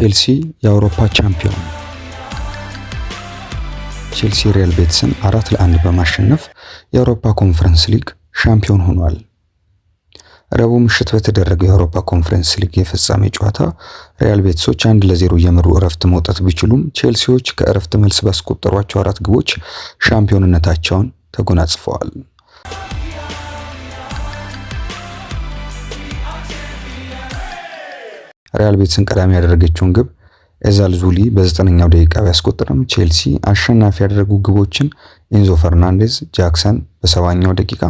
ቼልሲ የአውሮፓ ቻምፒዮን። ቼልሲ ሪያል ቤትስን አራት ለአንድ በማሸነፍ የአውሮፓ ኮንፈረንስ ሊግ ሻምፒዮን ሆኗል። ረቡዕ ምሽት በተደረገው የአውሮፓ ኮንፈረንስ ሊግ የፍጻሜ ጨዋታ ሪያል ቤትሶች አንድ ለዜሮ እየመሩ እረፍት መውጣት ቢችሉም ቼልሲዎች ከእረፍት መልስ ባስቆጠሯቸው አራት ግቦች ሻምፒዮንነታቸውን ተጎናጽፈዋል። ሪያል ቤትስን ቀዳሚ ያደረገችውን ግብ ኤዛልዙሊ በዘጠነኛው ደቂቃ ቢያስቆጥርም ቼልሲ አሸናፊ ያደረጉ ግቦችን ኢንዞ ፈርናንዴዝ፣ ጃክሰን በሰባኛው ደቂቃ፣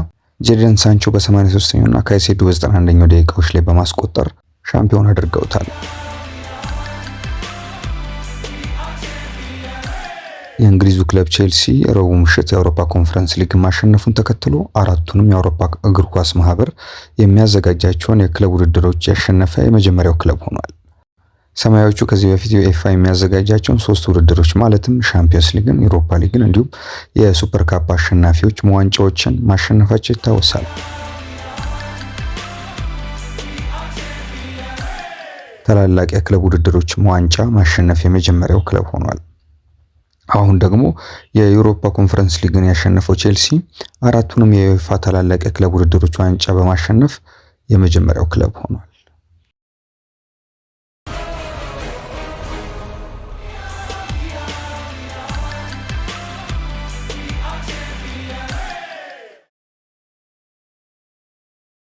ጄደን ሳንቾ በ83ኛው እና ካይሴዱ በ91ኛው ደቂቃዎች ላይ በማስቆጠር ሻምፒዮን አድርገውታል። የእንግሊዙ ክለብ ቼልሲ ረቡዕ ምሽት የአውሮፓ ኮንፈረንስ ሊግ ማሸነፉን ተከትሎ አራቱንም የአውሮፓ እግር ኳስ ማህበር የሚያዘጋጃቸውን የክለብ ውድድሮች ያሸነፈ የመጀመሪያው ክለብ ሆኗል። ሰማያዎቹ ከዚህ በፊት ዩኤፋ የሚያዘጋጃቸውን ሶስት ውድድሮች ማለትም ሻምፒዮንስ ሊግን፣ ዩሮፓ ሊግን እንዲሁም የሱፐር ካፕ አሸናፊዎች መዋንጫዎችን ማሸነፋቸው ይታወሳል። ታላላቅ የክለብ ውድድሮች መዋንጫ ማሸነፍ የመጀመሪያው ክለብ ሆኗል። አሁን ደግሞ የዩሮፓ ኮንፈረንስ ሊግን ያሸነፈው ቼልሲ አራቱንም የዩኤፋ ታላላቅ ክለብ ውድድሮች ዋንጫ በማሸነፍ የመጀመሪያው ክለብ ሆኗል።